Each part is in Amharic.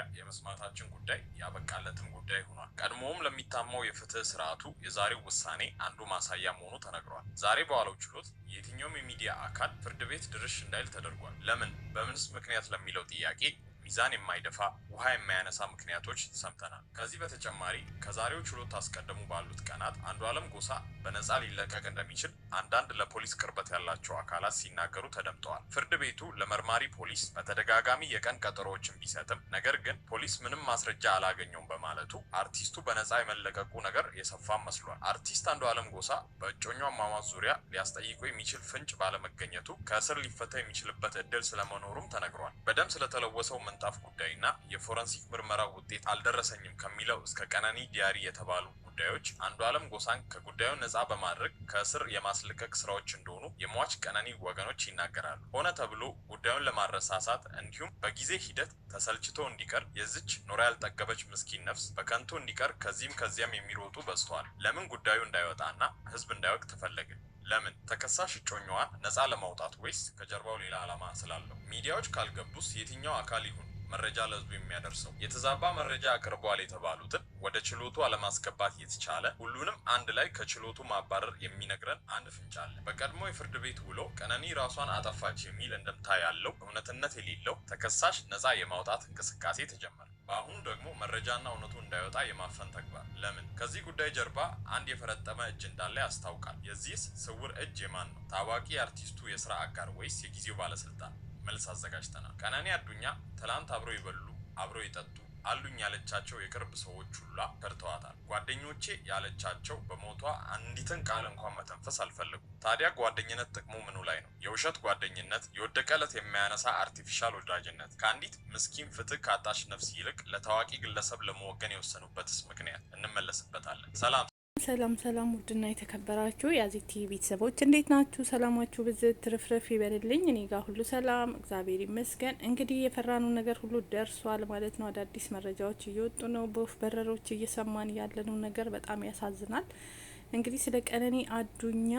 ዙሪያ የመስማታችን ጉዳይ ያበቃለትም ጉዳይ ሆኗል። ቀድሞውም ለሚታማው የፍትህ ስርዓቱ የዛሬው ውሳኔ አንዱ ማሳያ መሆኑ ተነግሯል። ዛሬ በዋለው ችሎት የትኛውም የሚዲያ አካል ፍርድ ቤት ድርሽ እንዳይል ተደርጓል። ለምን በምንስ ምክንያት ለሚለው ጥያቄ ሚዛን የማይደፋ ውሃ የማያነሳ ምክንያቶች ሰምተናል። ከዚህ በተጨማሪ ከዛሬው ችሎት አስቀድሞ ባሉት ቀናት አንዱዓለም ጎሳ በነፃ ሊለቀቅ እንደሚችል አንዳንድ ለፖሊስ ቅርበት ያላቸው አካላት ሲናገሩ ተደምጠዋል። ፍርድ ቤቱ ለመርማሪ ፖሊስ በተደጋጋሚ የቀን ቀጠሮዎችን ቢሰጥም ነገር ግን ፖሊስ ምንም ማስረጃ አላገኘውም በማለቱ አርቲስቱ በነፃ የመለቀቁ ነገር የሰፋም መስሏል። አርቲስት አንዱዓለም ጎሳ በእጮኛ አሟሟት ዙሪያ ሊያስጠይቁ የሚችል ፍንጭ ባለመገኘቱ ከእስር ሊፈታ የሚችልበት እድል ስለመኖሩም ተነግሯል። በደም ስለተለወሰው ምን ጉዳይ ጉዳይና የፎረንሲክ ምርመራ ውጤት አልደረሰኝም ከሚለው እስከ ቀነኒ ዲያሪ የተባሉ ጉዳዮች አንዱ አለም ጎሳን ከጉዳዩ ነፃ በማድረግ ከእስር የማስለቀቅ ስራዎች እንደሆኑ የሟች ቀነኒ ወገኖች ይናገራሉ። ሆነ ተብሎ ጉዳዩን ለማረሳሳት እንዲሁም በጊዜ ሂደት ተሰልችቶ እንዲቀር የዚች ኖራ ያልጠገበች ምስኪን ነፍስ በከንቱ እንዲቀር ከዚህም ከዚያም የሚሮጡ በዝተዋል። ለምን ጉዳዩ እንዳይወጣና ህዝብ እንዳይወቅ ተፈለገ? ለምን ተከሳሽ እጮኛዋን ነፃ ለማውጣት ወይስ ከጀርባው ሌላ ዓላማ ስላለው? ሚዲያዎች ካልገቡስ የትኛው አካል ይሁን መረጃ ለህዝቡ የሚያደርሰው። የተዛባ መረጃ አቅርቧል የተባሉትን ወደ ችሎቱ አለማስገባት የተቻለ ሁሉንም አንድ ላይ ከችሎቱ ማባረር የሚነግረን አንድ ፍንጫ አለ። በቀድሞ የፍርድ ቤት ውሎ ቀነኒ ራሷን አጠፋች የሚል እንደምታ ያለው እውነትነት የሌለው ተከሳሽ ነጻ የማውጣት እንቅስቃሴ ተጀመረ። በአሁኑ ደግሞ መረጃና እውነቱ እንዳይወጣ የማፈን ተግባር። ለምን? ከዚህ ጉዳይ ጀርባ አንድ የፈረጠመ እጅ እንዳለ ያስታውቃል። የዚህስ ስውር እጅ የማን ነው? ታዋቂ የአርቲስቱ የስራ አጋር ወይስ የጊዜው ባለስልጣን? መልስ አዘጋጅተናል። ቀነኒ አዱኛ ትላንት አብረው ይበሉ አብረው ይጠጡ አሉኝ ያለቻቸው የቅርብ ሰዎች ሁላ ፈርተዋታል። ጓደኞቼ ያለቻቸው በሞቷ አንዲትን ቃል እንኳን መተንፈስ አልፈለጉም። ታዲያ ጓደኝነት ጥቅሙ ምኑ ላይ ነው? የውሸት ጓደኝነት፣ የወደቀ ዕለት የሚያነሳ አርቲፊሻል ወዳጅነት፣ ከአንዲት ምስኪን ፍትህ ካጣች ነፍስ ይልቅ ለታዋቂ ግለሰብ ለመወገን የወሰኑበትስ ምክንያት እንመለስበታለን። ሰላም ሰላም ሰላም፣ ውድና የተከበራችሁ ቲቪ ቤተሰቦች እንዴት ናችሁ? ሰላማችሁ ብዝት ትርፍርፍ ይበልልኝ። እኔ ጋር ሁሉ ሰላም እግዚአብሔር ይመስገን። እንግዲህ የፈራኑ ነገር ሁሉ ደርሷል ማለት ነው። አዳዲስ መረጃዎች እየወጡ ነው። በወፍ በረሮች እየሰማን ያለነው ነገር በጣም ያሳዝናል። እንግዲህ ስለ ቀነኒ አዱኛ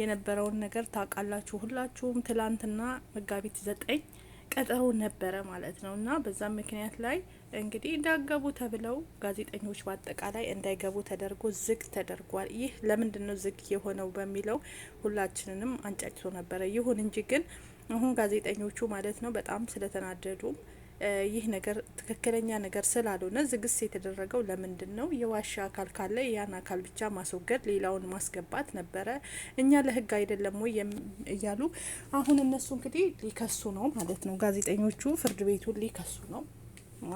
የነበረውን ነገር ታውቃላችሁ ሁላችሁም። ትላንትና መጋቢት ዘጠኝ ቀጠሮ ነበረ ማለት ነው እና በዛም ምክንያት ላይ እንግዲህ እንዳገቡ ተብለው ጋዜጠኞች በአጠቃላይ እንዳይገቡ ተደርጎ ዝግ ተደርጓል። ይህ ለምንድን ነው ዝግ የሆነው በሚለው ሁላችንንም አንጫጭቶ ነበረ። ይሁን እንጂ ግን አሁን ጋዜጠኞቹ ማለት ነው በጣም ስለተናደዱ ይህ ነገር ትክክለኛ ነገር ስላልሆነ ዝግስ የተደረገው ለምንድን ነው? የዋሻ አካል ካለ ያን አካል ብቻ ማስወገድ፣ ሌላውን ማስገባት ነበረ። እኛ ለህግ አይደለም ወይ እያሉ አሁን እነሱ እንግዲህ ሊከሱ ነው ማለት ነው። ጋዜጠኞቹ ፍርድ ቤቱን ሊከሱ ነው።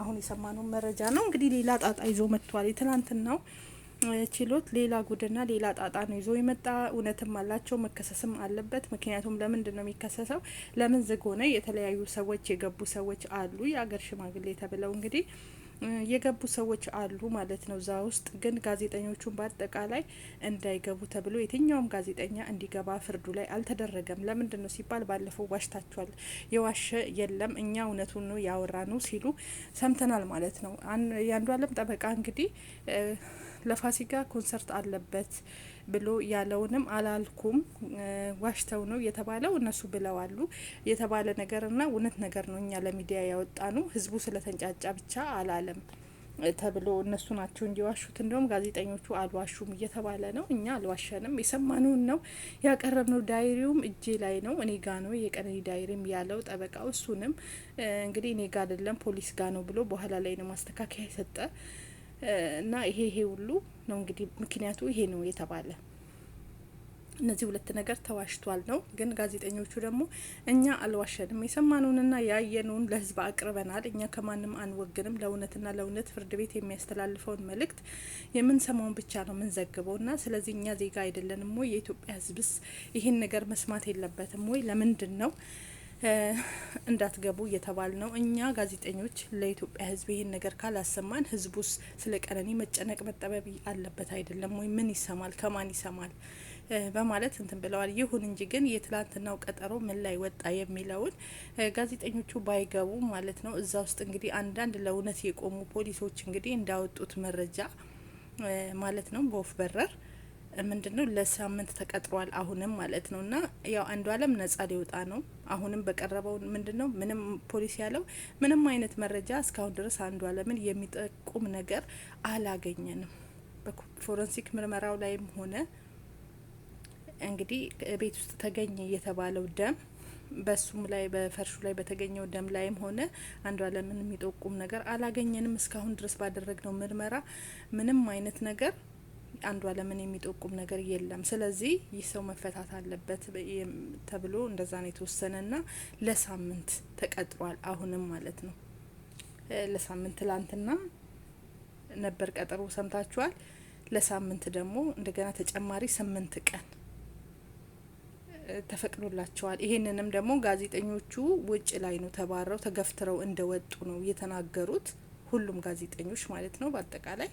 አሁን የሰማነው መረጃ ነው። እንግዲህ ሌላ ጣጣ ይዞ መጥቷል። የትናንትናው ችሎት ሌላ ጉድና ሌላ ጣጣ ነው ይዞ የመጣ እውነትም አላቸው መከሰስም አለበት። ምክንያቱም ለምንድን ነው የሚከሰሰው? ለምን ዝግ ሆነ? የተለያዩ ሰዎች የገቡ ሰዎች አሉ የአገር ሽማግሌ ተብለው እንግዲህ የገቡ ሰዎች አሉ ማለት ነው። እዛ ውስጥ ግን ጋዜጠኞቹን በአጠቃላይ እንዳይገቡ ተብሎ የትኛውም ጋዜጠኛ እንዲገባ ፍርዱ ላይ አልተደረገም። ለምንድን ነው ሲባል ባለፈው ዋሽታችኋል፣ የዋሸ የለም እኛ እውነቱን ነው ያወራ ነው ሲሉ ሰምተናል ማለት ነው። የአንዱ አለም ጠበቃ እንግዲህ ለፋሲካ ኮንሰርት አለበት ብሎ ያለውንም አላልኩም ዋሽተው ነው የተባለው እነሱ ብለዋሉ የተባለ ነገርና እውነት ነገር ነው። እኛ ለሚዲያ ያወጣ ነው ህዝቡ ስለተንጫጫ ብቻ አላለም ተብሎ እነሱ ናቸው እንዲዋሹት እንደውም ጋዜጠኞቹ አልዋሹም እየተባለ ነው። እኛ አልዋሸንም፣ የሰማነውን ነው ያቀረብነው። ዳይሪውም እጄ ላይ ነው፣ እኔ ጋ ነው የቀነኒ ዳይሪም ያለው ጠበቃው። እሱንም እንግዲህ እኔ ጋ አይደለም ፖሊስ ጋ ነው ብሎ በኋላ ላይ ነው ማስተካከያ የሰጠ እና ይሄ ይሄ ሁሉ ነው እንግዲህ ምክንያቱ ይሄ ነው የተባለ እነዚህ ሁለት ነገር ተዋሽቷል ነው። ግን ጋዜጠኞቹ ደግሞ እኛ አልዋሸንም፣ የሰማነውንና ያየነውን ለህዝብ አቅርበናል። እኛ ከማንም አንወግንም። ለእውነትና ለእውነት ፍርድ ቤት የሚያስተላልፈውን መልእክት የምንሰማውን ብቻ ነው የምንዘግበው እና ስለዚህ እኛ ዜጋ አይደለንም ወይ? የኢትዮጵያ ህዝብስ ይህን ነገር መስማት የለበትም ወይ? ለምንድን ነው እንዳትገቡ እየተባል ነው። እኛ ጋዜጠኞች ለኢትዮጵያ ሕዝብ ይህን ነገር ካላሰማን ሕዝቡስ ስለ ቀነኒ መጨነቅ መጠበብ አለበት አይደለም ወይ? ምን ይሰማል? ከማን ይሰማል? በማለት እንትን ብለዋል። ይሁን እንጂ ግን የትላንትናው ቀጠሮ ምን ላይ ወጣ የሚለውን ጋዜጠኞቹ ባይገቡ ማለት ነው። እዛ ውስጥ እንግዲህ አንዳንድ ለእውነት የቆሙ ፖሊሶች እንግዲህ እንዳወጡት መረጃ ማለት ነው በወፍ በረር ምንድነው ለሳምንት ተቀጥሯል አሁንም ማለት ነው። እና ያው አንዱ አለም ነጻ ሊወጣ ነው። አሁንም በቀረበው ምንድነው ምንም ፖሊስ ያለው ምንም አይነት መረጃ እስካሁን ድረስ አንዱ አለምን የሚጠቁም ነገር አላገኘንም። በፎረንሲክ ምርመራው ላይም ሆነ እንግዲህ ቤት ውስጥ ተገኘ የተባለው ደም በሱም ላይ በፈርሹ ላይ በተገኘው ደም ላይም ሆነ አንዱ አለምን የሚጠቁም ነገር አላገኘንም። እስካሁን ድረስ ባደረግነው ምርመራ ምንም አይነት ነገር አንዷ ለምን የሚጠቁም ነገር የለም። ስለዚህ ይህ ሰው መፈታት አለበት ተብሎ እንደዛ ነው ና ለሳምንት ተቀጥሯል። አሁንም ማለት ነው ለሳምንት ትላንትና ነበር ቀጠሮ ሰምታችኋል። ለሳምንት ደግሞ እንደገና ተጨማሪ ስምንት ቀን ተፈቅዶላቸዋል። ይሄንንም ደግሞ ጋዜጠኞቹ ውጭ ላይ ነው ተባረው ተገፍትረው እንደወጡ ነው የተናገሩት ሁሉም ጋዜጠኞች ማለት ነው በአጠቃላይ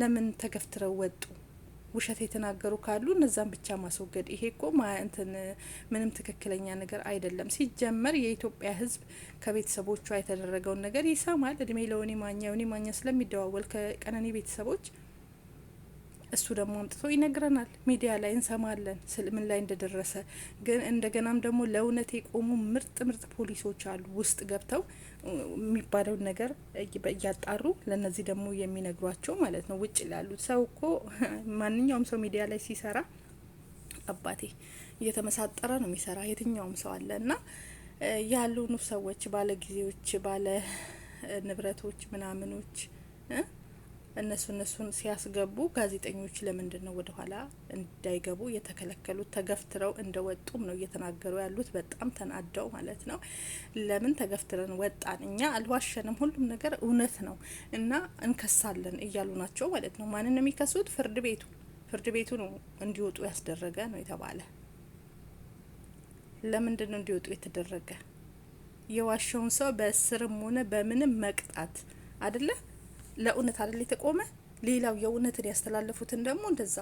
ለምን ተገፍትረው ወጡ? ውሸት የተናገሩ ካሉ እነዛን ብቻ ማስወገድ። ይሄ እኮ እንትን ምንም ትክክለኛ ነገር አይደለም። ሲጀመር የኢትዮጵያ ሕዝብ ከቤተሰቦቿ የተደረገውን ነገር ይሰማል። እድሜ ለወኔ ማኛ ወኔ ማኛ ስለሚደዋወል ከቀነኒ ቤተሰቦች እሱ ደግሞ አምጥቶ ይነግረናል። ሚዲያ ላይ እንሰማለን ስልምን ላይ እንደደረሰ። ግን እንደገናም ደግሞ ለእውነት የቆሙ ምርጥ ምርጥ ፖሊሶች አሉ ውስጥ ገብተው የሚባለውን ነገር እያጣሩ ለእነዚህ ደግሞ የሚነግሯቸው ማለት ነው። ውጭ ላሉ ሰው እኮ ማንኛውም ሰው ሚዲያ ላይ ሲሰራ አባቴ እየተመሳጠረ ነው የሚሰራ የትኛውም ሰው አለ እና ያሉኑ ሰዎች ባለ ጊዜዎች ባለ ንብረቶች ምናምኖች እነሱ እነሱን ሲያስገቡ ጋዜጠኞች ለምንድን ነው ወደ ኋላ እንዳይገቡ የተከለከሉት? ተገፍትረው ወጡም ነው እየተናገሩ ያሉት። በጣም ተናደው ማለት ነው። ለምን ተገፍትረን ወጣን? እኛ አልዋሸንም፣ ሁሉም ነገር እውነት ነው እና እንከሳለን እያሉ ናቸው ማለት ነው። ማንን ነው የሚከሱት? ፍርድ ቤቱ። ፍርድ ቤቱ ነው እንዲወጡ ያስደረገ ነው የተባለ። ለምንድን ነው እንዲወጡ የተደረገ? የዋሸውን ሰው በእስርም ሆነ በምንም መቅጣት አይደለም? ለእውነት አይደል የተቆመ ሌላው የእውነትን ያስተላለፉትን ደግሞ እንደዛ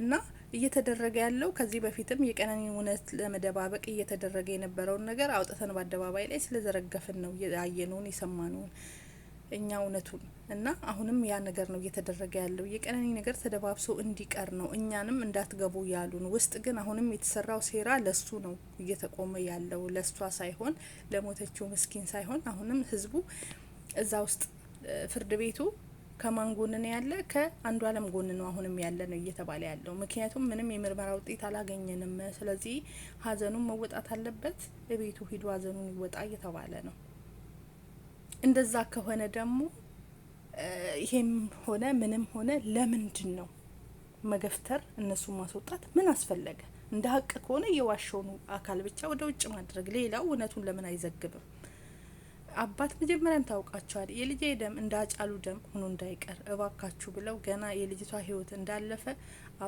እና እየተደረገ ያለው ከዚህ በፊትም የቀነኒ እውነት ለመደባበቅ እየተደረገ የነበረውን ነገር አውጥተን በአደባባይ ላይ ስለዘረገፍን ነው ያየነውን የሰማነውን እኛ እውነቱን እና አሁንም ያ ነገር ነው እየተደረገ ያለው። የቀነኒ ነገር ተደባብሶ እንዲቀር ነው እኛንም እንዳትገቡ ያሉን። ውስጥ ግን አሁንም የተሰራው ሴራ ለሱ ነው እየተቆመ ያለው ለሷ ሳይሆን ለሞተችው ምስኪን ሳይሆን አሁንም ህዝቡ እዛ ውስጥ ፍርድ ቤቱ ከማን ጎን ነው ያለ? ከአንዱ አለም ጎን ነው አሁንም ያለ ነው እየተባለ ያለው። ምክንያቱም ምንም የምርመራ ውጤት አላገኘንም። ስለዚህ ሀዘኑን መወጣት አለበት፣ ቤቱ ሂዶ ሀዘኑን ይወጣ እየተባለ ነው። እንደዛ ከሆነ ደግሞ ይሄም ሆነ ምንም ሆነ ለምንድን ነው መገፍተር፣ እነሱን ማስወጣት ምን አስፈለገ? እንደ ሀቅ ከሆነ የዋሸውን አካል ብቻ ወደ ውጭ ማድረግ፣ ሌላው እውነቱን ለምን አይዘግብም? አባት መጀመሪያም ታውቃቸዋል። የልጄ ደም እንዳጫሉ ደም ሆኖ እንዳይቀር እባካችሁ ብለው ገና የልጅቷ ህይወት እንዳለፈ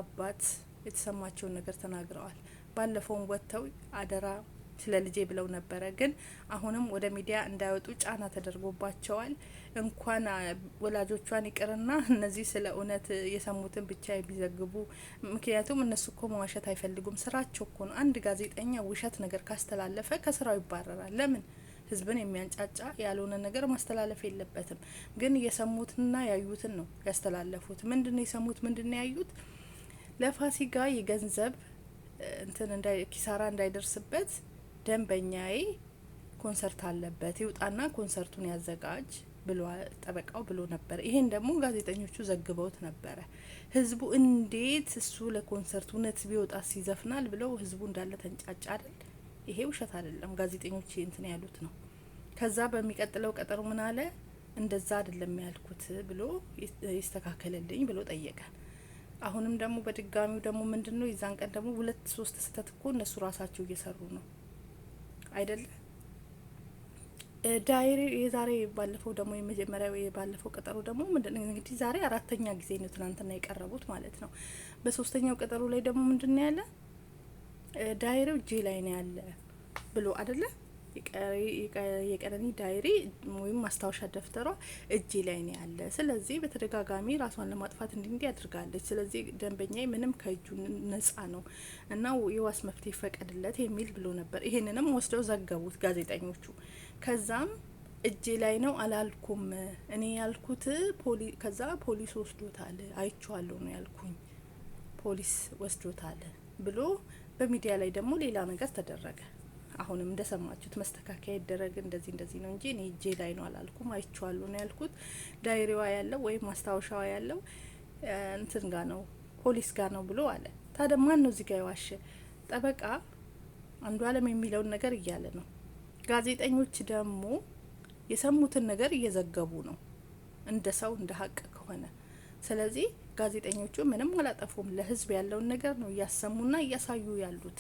አባት የተሰማቸውን ነገር ተናግረዋል። ባለፈውም ወጥተው አደራ ስለ ልጄ ብለው ነበረ። ግን አሁንም ወደ ሚዲያ እንዳይወጡ ጫና ተደርጎባቸዋል። እንኳን ወላጆቿን ይቅርና እነዚህ ስለ እውነት የሰሙትን ብቻ የሚዘግቡ ምክንያቱም እነሱ እኮ መዋሸት አይፈልጉም። ስራቸው እኮ ነው። አንድ ጋዜጠኛ ውሸት ነገር ካስተላለፈ ከስራው ይባረራል። ለምን ህዝብን የሚያንጫጫ ያልሆነ ነገር ማስተላለፍ የለበትም። ግን የሰሙትንና ያዩትን ነው ያስተላለፉት። ምንድን ነው የሰሙት? ምንድን ነው ያዩት? ለፋሲካ የገንዘብ እንትን ኪሳራ እንዳይደርስበት ደንበኛዬ ኮንሰርት አለበት ይውጣና ኮንሰርቱን ያዘጋጅ ብሎ ጠበቃው ብሎ ነበር። ይሄን ደግሞ ጋዜጠኞቹ ዘግበውት ነበረ። ህዝቡ እንዴት እሱ ለኮንሰርት እውነት ቢወጣ ሲዘፍናል ብለው ህዝቡ እንዳለ ተንጫጫ አይደል? ይሄ ውሸት አይደለም፣ ጋዜጠኞች እንትን ያሉት ነው። ከዛ በሚቀጥለው ቀጠሮ ምን አለ እንደዛ አይደለም ያልኩት ብሎ ይስተካከልልኝ ብሎ ጠየቀ። አሁንም ደግሞ በድጋሚው ደግሞ ምንድን ነው የዛን ቀን ደግሞ ሁለት ሶስት ስህተት እኮ እነሱ ራሳቸው እየሰሩ ነው አይደለ? ዳይሪ የዛሬ ባለፈው ደግሞ የመጀመሪያው የባለፈው ቀጠሮ ደግሞ ምንድን እንግዲህ ዛሬ አራተኛ ጊዜ ነው ትናንትና የቀረቡት ማለት ነው። በሶስተኛው ቀጠሮ ላይ ደግሞ ምንድን ነው ያለ ዳይሪው እጄ ላይ ነው ያለ ብሎ አደለ የቀነኒ ዳይሪ ወይም ማስታወሻ ደብተሯ እጄ ላይ ነው ያለ። ስለዚህ በተደጋጋሚ ራሷን ለማጥፋት እንዲንዲ እንዲህ አድርጋለች። ስለዚህ ደንበኛ ምንም ከእጁ ነጻ ነው እና የዋስ መፍትሄ ይፈቀድለት የሚል ብሎ ነበር። ይሄንንም ወስደው ዘገቡት ጋዜጠኞቹ። ከዛም እጄ ላይ ነው አላልኩም እኔ ያልኩት ፖሊ ከዛ ፖሊስ ወስዶታል አይቼዋለሁ ነው ያልኩኝ ፖሊስ ወስዶታል ብሎ በሚዲያ ላይ ደግሞ ሌላ ነገር ተደረገ። አሁንም እንደሰማችሁት መስተካከያ ይደረግ እንደዚህ እንደዚህ ነው እንጂ እኔ እጄ ላይ ነው አላልኩም። አይቼዋለሁ ነው ያልኩት። ዳይሪዋ ያለው ወይም ማስታወሻዋ ያለው እንትን ጋ ነው ፖሊስ ጋር ነው ብሎ አለ። ታዲያ ማን ነው እዚህ ጋ የዋሸ? ጠበቃ አንዱ አለም የሚለውን ነገር እያለ ነው። ጋዜጠኞች ደግሞ የሰሙትን ነገር እየዘገቡ ነው እንደ ሰው እንደ ሀቅ ከሆነ ስለዚህ ጋዜጠኞቹ ምንም አላጠፉም። ለህዝብ ያለውን ነገር ነው እያሰሙና እያሳዩ ያሉት።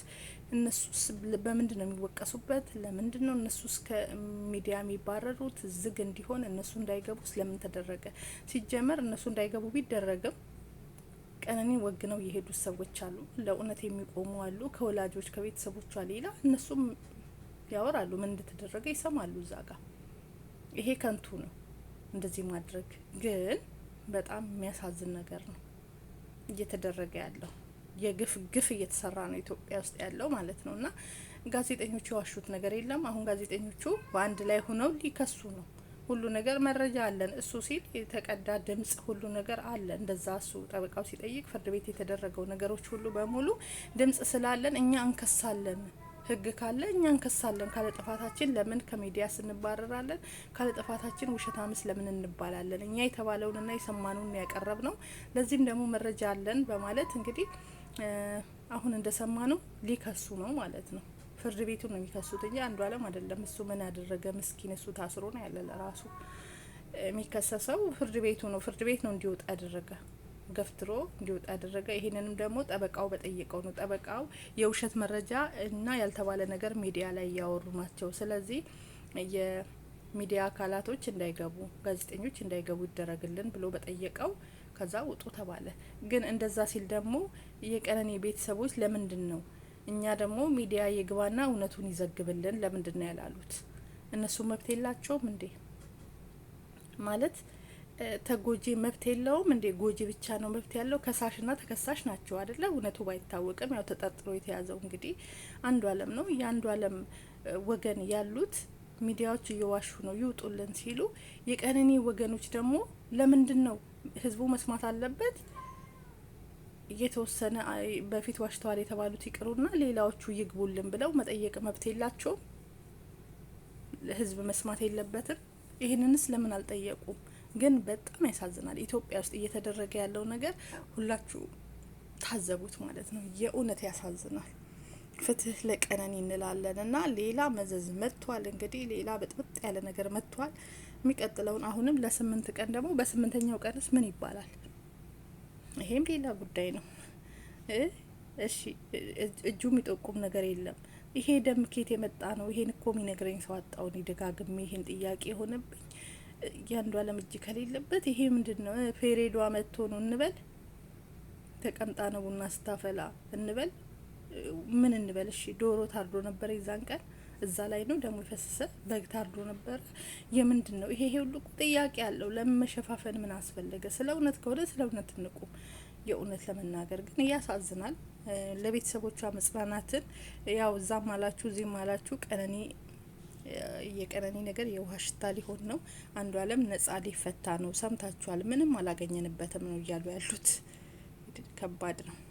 እነሱስ በምንድን ነው የሚወቀሱበት? ለምንድን ነው እነሱስ ከሚዲያ የሚባረሩት? ዝግ እንዲሆን እነሱ እንዳይገቡ ስለምን ተደረገ? ሲጀመር እነሱ እንዳይገቡ ቢደረግም ቀነኒ ወግ ነው የሄዱት ሰዎች አሉ። ለእውነት የሚቆሙ አሉ። ከወላጆች ከቤተሰቦቿ ሌላ እነሱም ያወራሉ። ምን እንደተደረገ ይሰማሉ እዛ ጋር። ይሄ ከንቱ ነው እንደዚህ ማድረግ ግን በጣም የሚያሳዝን ነገር ነው እየተደረገ ያለው የግፍ ግፍ እየተሰራ ነው ኢትዮጵያ ውስጥ ያለው ማለት ነው። እና ጋዜጠኞቹ የዋሹት ነገር የለም። አሁን ጋዜጠኞቹ በአንድ ላይ ሆነው ሊከሱ ነው። ሁሉ ነገር መረጃ አለን። እሱ ሲል የተቀዳ ድምጽ ሁሉ ነገር አለ። እንደዛ እሱ ጠበቃው ሲጠይቅ ፍርድ ቤት የተደረገው ነገሮች ሁሉ በሙሉ ድምጽ ስላለን እኛ እንከሳለን ህግ ካለ እኛ እንከሳለን። ካለ ጥፋታችን ለምን ከሚዲያ ስንባረራለን? ካለ ጥፋታችን ውሸታምስ ለምን እንባላለን? እኛ የተባለውንና የሰማነውን ያቀረብ ነው። ለዚህም ደግሞ መረጃ አለን በማለት እንግዲህ አሁን እንደሰማ ነው ሊከሱ ነው ማለት ነው። ፍርድ ቤቱ ነው የሚከሱት እንጂ አንዱ አለም አይደለም። እሱ ምን ያደረገ ምስኪን፣ እሱ ታስሮ ነው ያለ። ለራሱ የሚከሰሰው ፍርድ ቤቱ ነው። ፍርድ ቤት ነው እንዲወጣ ያደረገ ገፍትሮ እንዲወጣ ያደረገ። ይህንንም ደግሞ ጠበቃው በጠየቀው ነው። ጠበቃው የውሸት መረጃ እና ያልተባለ ነገር ሚዲያ ላይ እያወሩ ናቸው። ስለዚህ የሚዲያ አካላቶች እንዳይገቡ፣ ጋዜጠኞች እንዳይገቡ ይደረግልን ብሎ በጠየቀው ከዛ ውጡ ተባለ። ግን እንደዛ ሲል ደግሞ የቀነኔ ቤተሰቦች ለምንድን ነው እኛ ደግሞ ሚዲያ የግባና እውነቱን ይዘግብልን ለምንድን ነው ያላሉት? እነሱ መብት የላቸውም እንዴ ማለት ተጎጂ መብት የለውም እንዴ? ጎጂ ብቻ ነው መብት ያለው? ከሳሽና ተከሳሽ ናቸው አደለ? እውነቱ ባይታወቅም ያው ተጠርጥሮ የተያዘው እንግዲህ አንዱ አለም ነው። የአንዱ አለም ወገን ያሉት ሚዲያዎች እየዋሹ ነው ይውጡልን ሲሉ፣ የቀነኒ ወገኖች ደግሞ ለምንድን ነው ህዝቡ መስማት አለበት የተወሰነ በፊት ዋሽተዋል የተባሉት ይቅሩና ሌላዎቹ ይግቡልን ብለው መጠየቅ መብት የላቸውም? ህዝብ መስማት የለበትም? ይህንንስ ለምን አልጠየቁም? ግን በጣም ያሳዝናል። ኢትዮጵያ ውስጥ እየተደረገ ያለው ነገር ሁላችሁ ታዘቡት ማለት ነው። የእውነት ያሳዝናል። ፍትህ ለቀነኒ እንላለን እና ሌላ መዘዝ መጥቷል። እንግዲህ ሌላ በጥብጥ ያለ ነገር መጥቷል። የሚቀጥለውን አሁንም ለስምንት ቀን ደግሞ በስምንተኛው ቀንስ ምን ይባላል? ይሄም ሌላ ጉዳይ ነው። እሺ እጁ የሚጠቁም ነገር የለም። ይሄ ደም ኬት የመጣ ነው? ይሄን እኮ የሚነግረኝ ሰው አጣውን ደጋግሜ ይሄን ጥያቄ የሆነብኝ አለም እጅ ከሌለበት ይሄ ምንድን ነው? ፔሬዷ መጥቶ ነው እንበል፣ ተቀምጣ ነው ቡና ስታፈላ እንበል፣ ምን እንበል? እሺ ዶሮ ታርዶ ነበር የዛን ቀን እዛ ላይ ነው ደግሞ የፈሰሰ በግ ታርዶ ነበር። የምንድን ነው ይሄ? ሁሉ ጥያቄ አለው። ለምን መሸፋፈን ምን አስፈለገ? ስለ እውነት ከሆነ ስለ እውነት እንቁ። የእውነት ለመናገር ግን እያሳዝናል። ለቤተሰቦቿ መጽናናትን ያው እዛም አላችሁ እዚህም አላችሁ ቀነኔ የቀነኒ ነገር የውሃ ሽታ ሊሆን ነው። አንዱ አለም ነጻ ሊፈታ ነው። ሰምታችኋል። ምንም አላገኘንበትም ነው እያሉ ያሉት። ከባድ ነው።